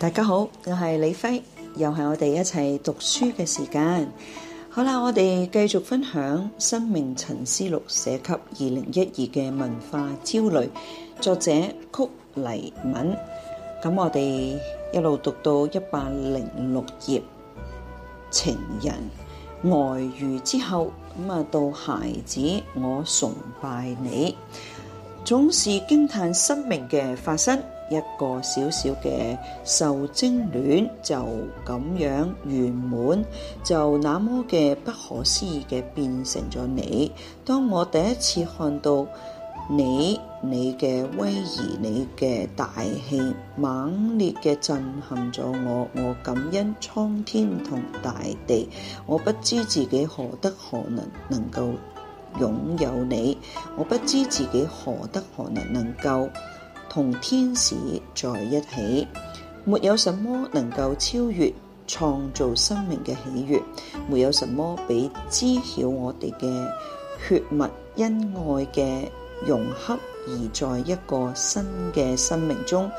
大家好，我係李輝，又係我哋一齊讀書嘅時間。好啦，我哋繼續分享《生命沉思錄》寫給二零一二嘅文化焦慮，作者曲黎敏。咁我哋一路讀到一百零六頁，情人外、呃、遇之後，咁啊到孩子，我崇拜你，總是驚嘆生命嘅發生。一個小小嘅受精卵就咁樣圓滿，就那麼嘅不可思議嘅變成咗你。當我第一次看到你，你嘅威儀，你嘅大氣，猛烈嘅震撼咗我。我感恩蒼天同大地，我不知自己何德何能能夠擁有你，我不知自己何德何能能夠。同天使在一起，沒有什麼能夠超越創造生命嘅喜悦。沒有什麼比知曉我哋嘅血脈恩愛嘅融合，而在一個新嘅生命中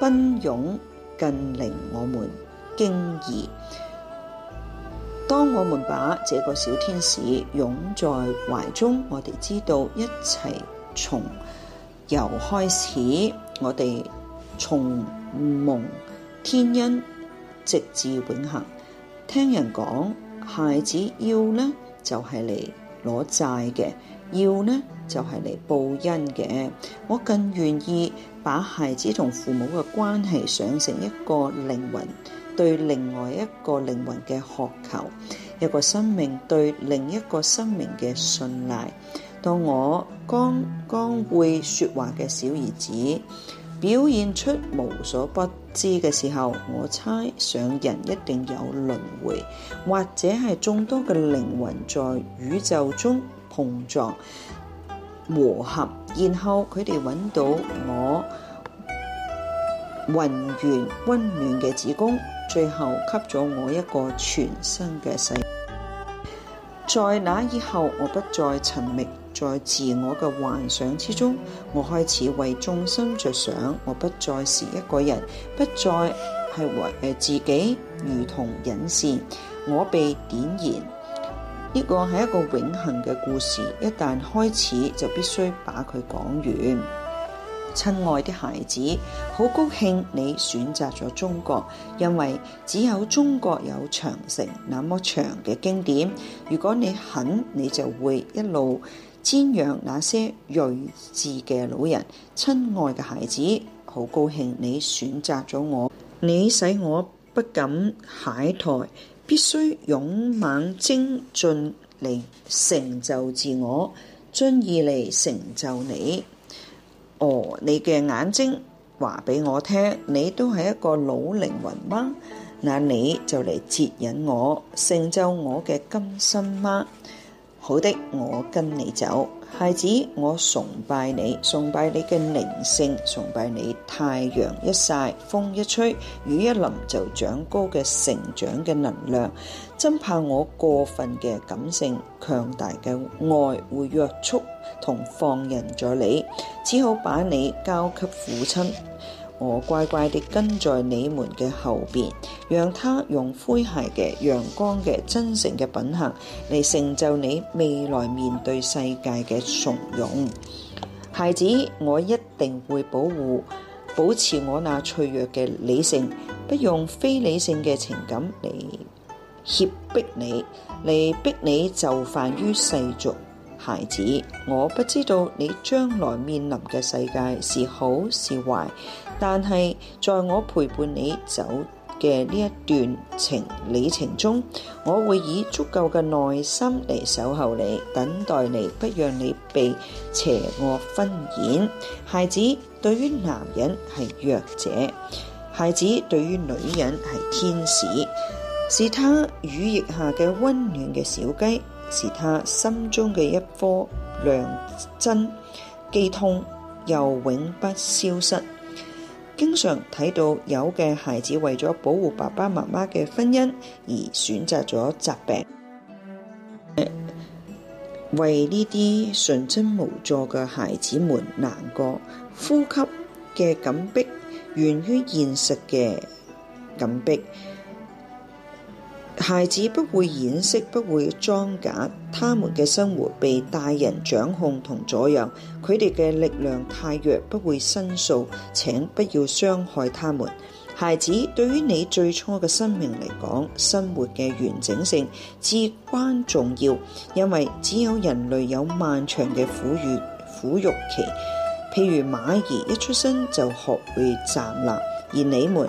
奔湧，更令我們驚異。當我們把這個小天使擁在懷中，我哋知道一切從由開始，我哋從蒙天恩直至永恆。聽人講，孩子要呢，就係嚟攞債嘅，要呢，就係嚟報恩嘅。我更願意把孩子同父母嘅關係想成一個靈魂對另外一個靈魂嘅渴求，一個生命對另一個生命嘅信賴。到我剛剛會說話嘅小兒子表現出無所不知嘅時候，我猜想人一定有輪迴，或者係眾多嘅靈魂在宇宙中碰撞，磨合，然後佢哋揾到我渾圓溫暖嘅子宮，最後給咗我一個全新嘅世界，在那以後，我不再尋覓。在自我嘅幻想之中，我開始為眾生着想。我不再是一個人，不再係為誒自己，如同引線。我被點燃，呢個係一個永恆嘅故事。一旦開始，就必須把佢講完。親愛的孩子，好高興你選擇咗中國，因為只有中國有長城那麼長嘅經典。如果你肯，你就會一路。瞻仰那些睿智嘅老人，親愛嘅孩子，好高興你選擇咗我，你使我不敢懈怠，必須勇猛精進嚟，成就自我，進而嚟成就你。哦，你嘅眼睛話俾我聽，你都係一個老靈魂嗎？那你就嚟接引我，成就我嘅今生嗎？好的，我跟你走。孩子，我崇拜你，崇拜你嘅靈性，崇拜你太陽一曬、風一吹、雨一淋就長高嘅成長嘅能量。真怕我過分嘅感性、強大嘅愛會約束同放任咗你，只好把你交給父親。我乖乖地跟在你們嘅後邊，讓他用詼諧嘅、陽光嘅、真誠嘅品行嚟成就你未來面對世界嘅從容。孩子，我一定會保護、保持我那脆弱嘅理性，不用非理性嘅情感嚟脅迫你，嚟逼你就範於世俗。孩子，我不知道你將來面臨嘅世界是好是壞，但係在我陪伴你走嘅呢一段情旅程中，我會以足夠嘅耐心嚟守候你，等待你，不讓你被邪惡沾染。孩子，對於男人係弱者，孩子對於女人係天使，是他羽翼下嘅溫暖嘅小雞。是他心中嘅一顆良針，既痛又永不消失。經常睇到有嘅孩子為咗保護爸爸媽媽嘅婚姻而選擇咗疾病，呃、為呢啲純真無助嘅孩子們難過。呼吸嘅緊逼源於現實嘅緊逼。孩子不會掩飾，不會裝假，他們嘅生活被大人掌控同左右，佢哋嘅力量太弱，不會申訴。請不要傷害他們。孩子對於你最初嘅生命嚟講，生活嘅完整性至關重要，因為只有人類有漫長嘅哺乳撫育期。譬如馬兒一出生就學會站立，而你們。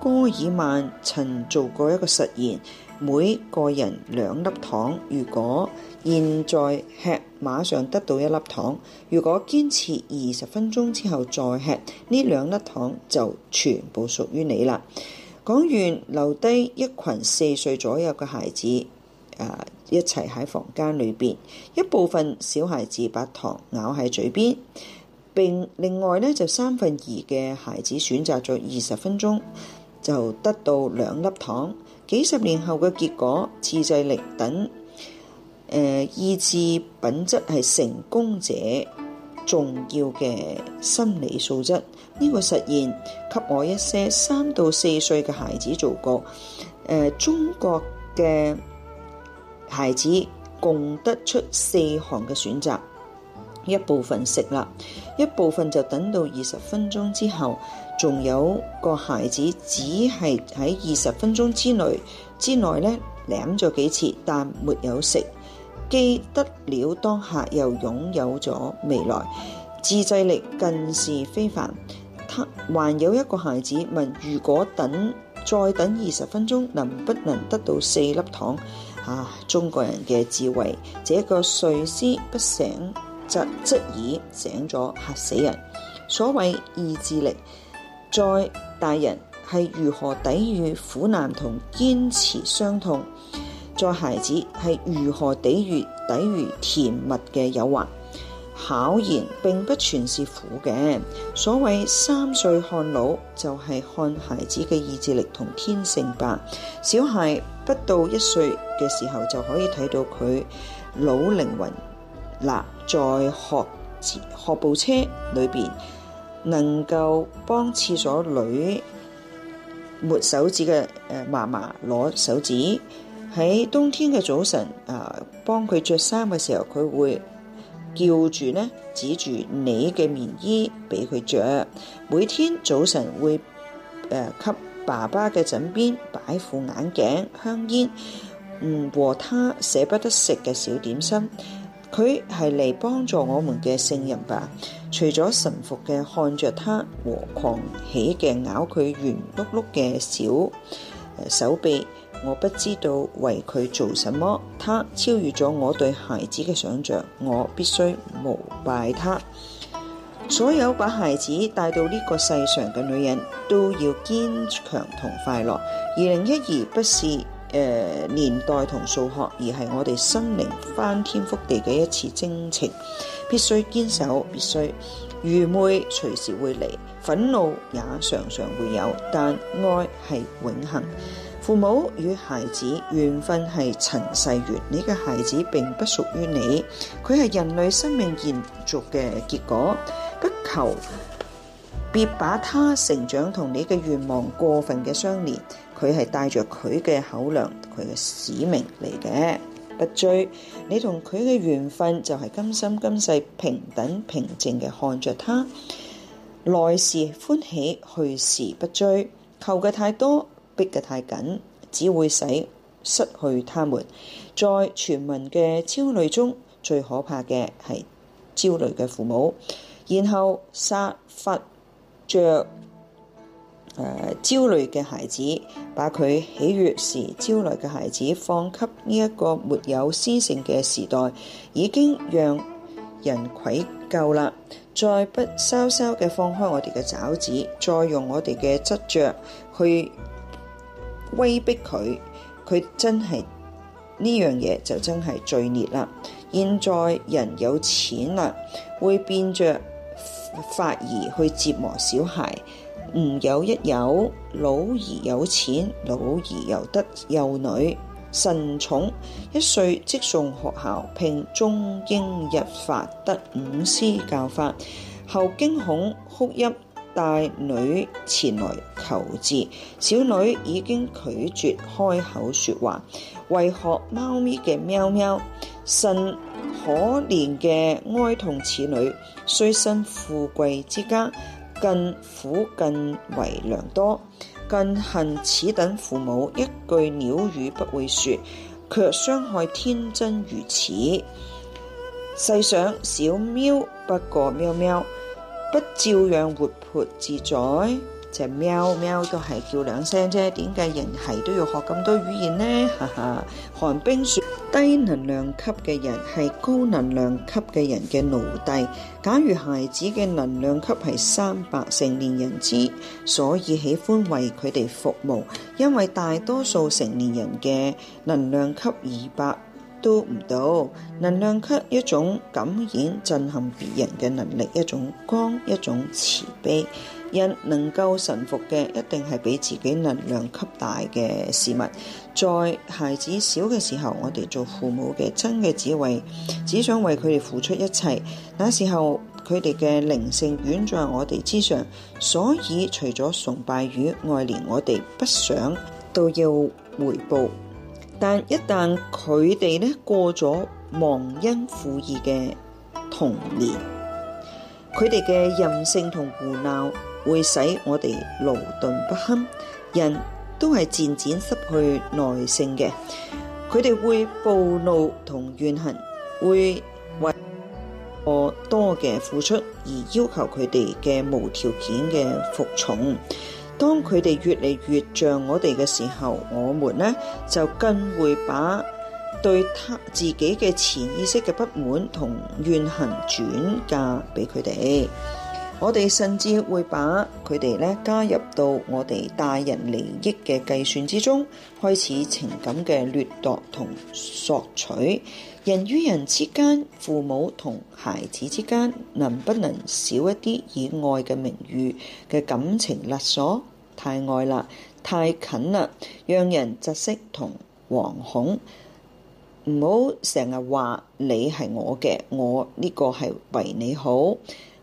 戈爾曼曾做過一個實驗，每個人兩粒糖。如果現在吃，馬上得到一粒糖；如果堅持二十分鐘之後再吃，呢兩粒糖就全部屬於你啦。講完，留低一群四歲左右嘅孩子，啊、一齊喺房間裏邊，一部分小孩子把糖咬喺嘴邊，并另外呢，就三分二嘅孩子選擇咗二十分鐘。就得到兩粒糖。幾十年後嘅結果，自制力等誒、呃、意志品質係成功者重要嘅心理素質。呢、這個實驗給我一些三到四歲嘅孩子做過。誒、呃，中國嘅孩子共得出四項嘅選擇，一部分食啦，一部分就等到二十分鐘之後。仲有個孩子，只係喺二十分鐘之內之內咧，舐咗幾次，但沒有食。既得了當下，又擁有咗未來，自制力更是非凡。他還有一個孩子問：如果等再等二十分鐘，能不能得到四粒糖？啊！中國人嘅智慧，這個睡獅不醒則則已，醒咗嚇死人。所謂意志力。在大人係如何抵禦苦難同堅持傷痛，在孩子係如何抵御抵禦甜蜜嘅誘惑。考研並不全是苦嘅，所謂三歲看老就係、是、看孩子嘅意志力同天性吧。小孩不到一歲嘅時候就可以睇到佢老靈魂啦，在學學步車裏邊。能夠幫廁所女抹手指嘅誒，媽媽攞手指喺冬天嘅早晨啊，幫佢着衫嘅時候，佢會叫住呢指住你嘅棉衣俾佢着。每天早晨會誒，給、呃、爸爸嘅枕邊擺副眼鏡、香煙，嗯，和他捨不得食嘅小點心。佢係嚟幫助我們嘅聖人吧。除咗臣服嘅看着他和狂喜嘅咬佢圓碌碌嘅小手臂，我不知道為佢做什麼。他超越咗我對孩子嘅想象，我必須膜拜他。所有把孩子帶到呢個世上嘅女人，都要堅強同快樂。二零一二不是。誒、呃，年代同數學，而係我哋心靈翻天覆地嘅一次征程，必須堅守，必須。愚昧隨時會嚟，憤怒也常常會有，但愛係永恆。父母與孩子緣分係塵世緣，你嘅孩子並不屬於你，佢係人類生命延續嘅結果。不求，別把他成長同你嘅願望過分嘅相連。佢係帶着佢嘅口糧，佢嘅使命嚟嘅，不追。你同佢嘅緣分就係今生今世平等平靜嘅看着他，來時歡喜，去時不追。求嘅太多，逼嘅太緊，只會使失去他們。在全民嘅焦慮中，最可怕嘅係焦慮嘅父母，然後殺伐着。誒、啊，焦慮嘅孩子，把佢喜悅時焦慮嘅孩子放給呢一個沒有私性嘅時代，已經讓人愧疚啦。再不稍稍嘅放開我哋嘅爪子，再用我哋嘅執着去威逼佢，佢真係，呢樣嘢就真係罪孽啦。現在人有錢啦，會變着法兒去折磨小孩。吾有一友，老而有錢，老而又得幼女，甚寵。一歲即送學校，聘中英日法德五師教法。後驚恐哭泣，帶女前來求治。小女已經拒絕開口說話，為學貓咪嘅喵喵。甚可憐嘅哀痛此女，雖身富貴之家。更苦更為良多，更恨此等父母一句鳥語不會說，卻傷害天真如此。世上小喵不過喵喵，不照樣活潑自在。隻喵喵都係叫兩聲啫，點解人係都要學咁多語言呢？哈哈！寒冰說低能量級嘅人係高能量級嘅人嘅奴隸。假如孩子嘅能量級係三百，成年人之所以喜歡為佢哋服務，因為大多數成年人嘅能量級二百都唔到。能量級一種感染震撼別人嘅能力，一種光，一種慈悲。人能夠臣服嘅，一定係俾自己能量級大嘅事物。在孩子小嘅時候，我哋做父母嘅真嘅只為，只想為佢哋付出一切。那時候佢哋嘅靈性遠在我哋之上，所以除咗崇拜與愛憐，我哋不想都要回報。但一旦佢哋咧過咗忘恩負義嘅童年，佢哋嘅任性同胡鬧。會使我哋勞頓不堪，人都係漸漸失去耐性嘅，佢哋會暴怒同怨恨，會為過多嘅付出而要求佢哋嘅無條件嘅服從。當佢哋越嚟越像我哋嘅時候，我們呢，就更會把對他自己嘅潛意識嘅不滿同怨恨轉嫁俾佢哋。我哋甚至會把佢哋咧加入到我哋大人利益嘅計算之中，開始情感嘅掠奪同索取。人與人之間，父母同孩子之間，能不能少一啲以愛嘅名譽嘅感情勒索？太愛啦，太近啦，讓人窒息同惶恐。唔好成日話你係我嘅，我呢個係爲你好。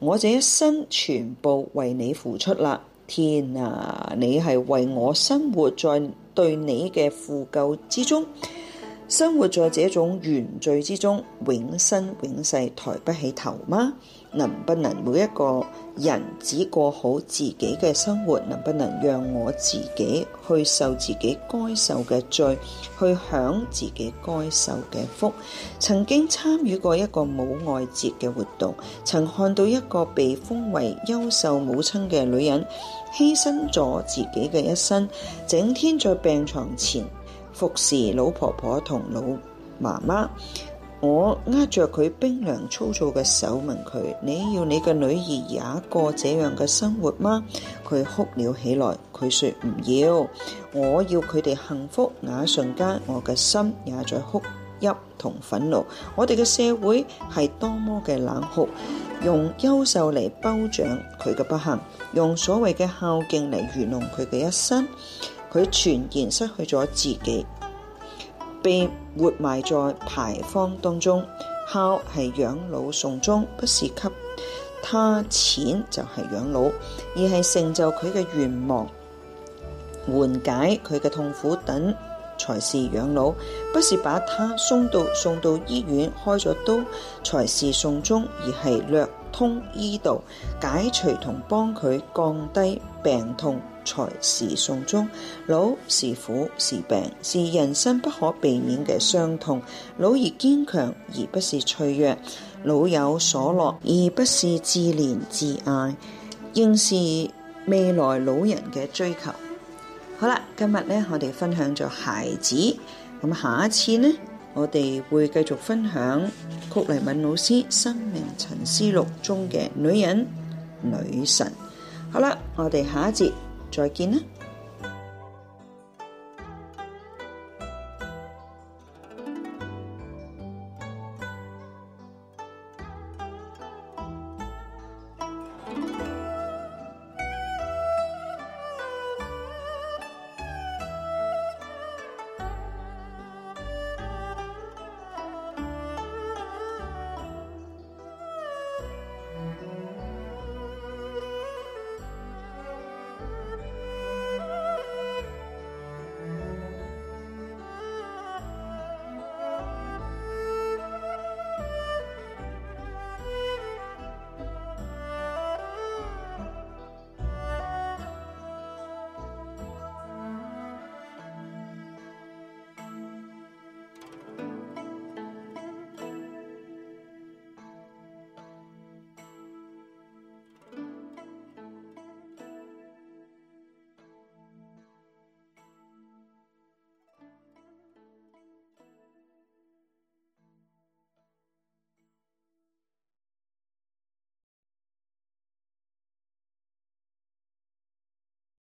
我這一生全部為你付出啦！天啊，你係為我生活在對你嘅負疚之中，生活在這種原罪之中，永生永世抬不起頭嗎？能不能每一個人只過好自己嘅生活？能不能讓我自己去受自己該受嘅罪，去享自己該受嘅福？曾經參與過一個母愛節嘅活動，曾看到一個被封為優秀母親嘅女人，犧牲咗自己嘅一生，整天在病床前服侍老婆婆同老媽媽。我握着佢冰涼粗糙嘅手問佢：你要你嘅女兒也過這樣嘅生活嗎？佢哭了起來。佢說唔要，我要佢哋幸福。那一瞬間，我嘅心也在哭泣同憤怒。我哋嘅社會係多麼嘅冷酷，用優秀嚟褒獎佢嘅不幸，用所謂嘅孝敬嚟愚弄佢嘅一生。佢全然失去咗自己，被活埋在牌坊當中，孝係養老送終，不是給他錢就係養老，而係成就佢嘅願望，緩解佢嘅痛苦等，才是養老，不是把他送到送到醫院開咗刀，才是送終，而係略通醫道，解除同幫佢降低病痛。才是送終，老是苦是病，是人生不可避免嘅傷痛。老而堅強，而不是脆弱；老有所樂，而不是自憐自艾，應是未來老人嘅追求。好啦，今日咧，我哋分享咗孩子，咁下一次呢，我哋會繼續分享曲黎敏老師《生命沉思錄》中嘅女人女神。好啦，我哋下一節。再見啦！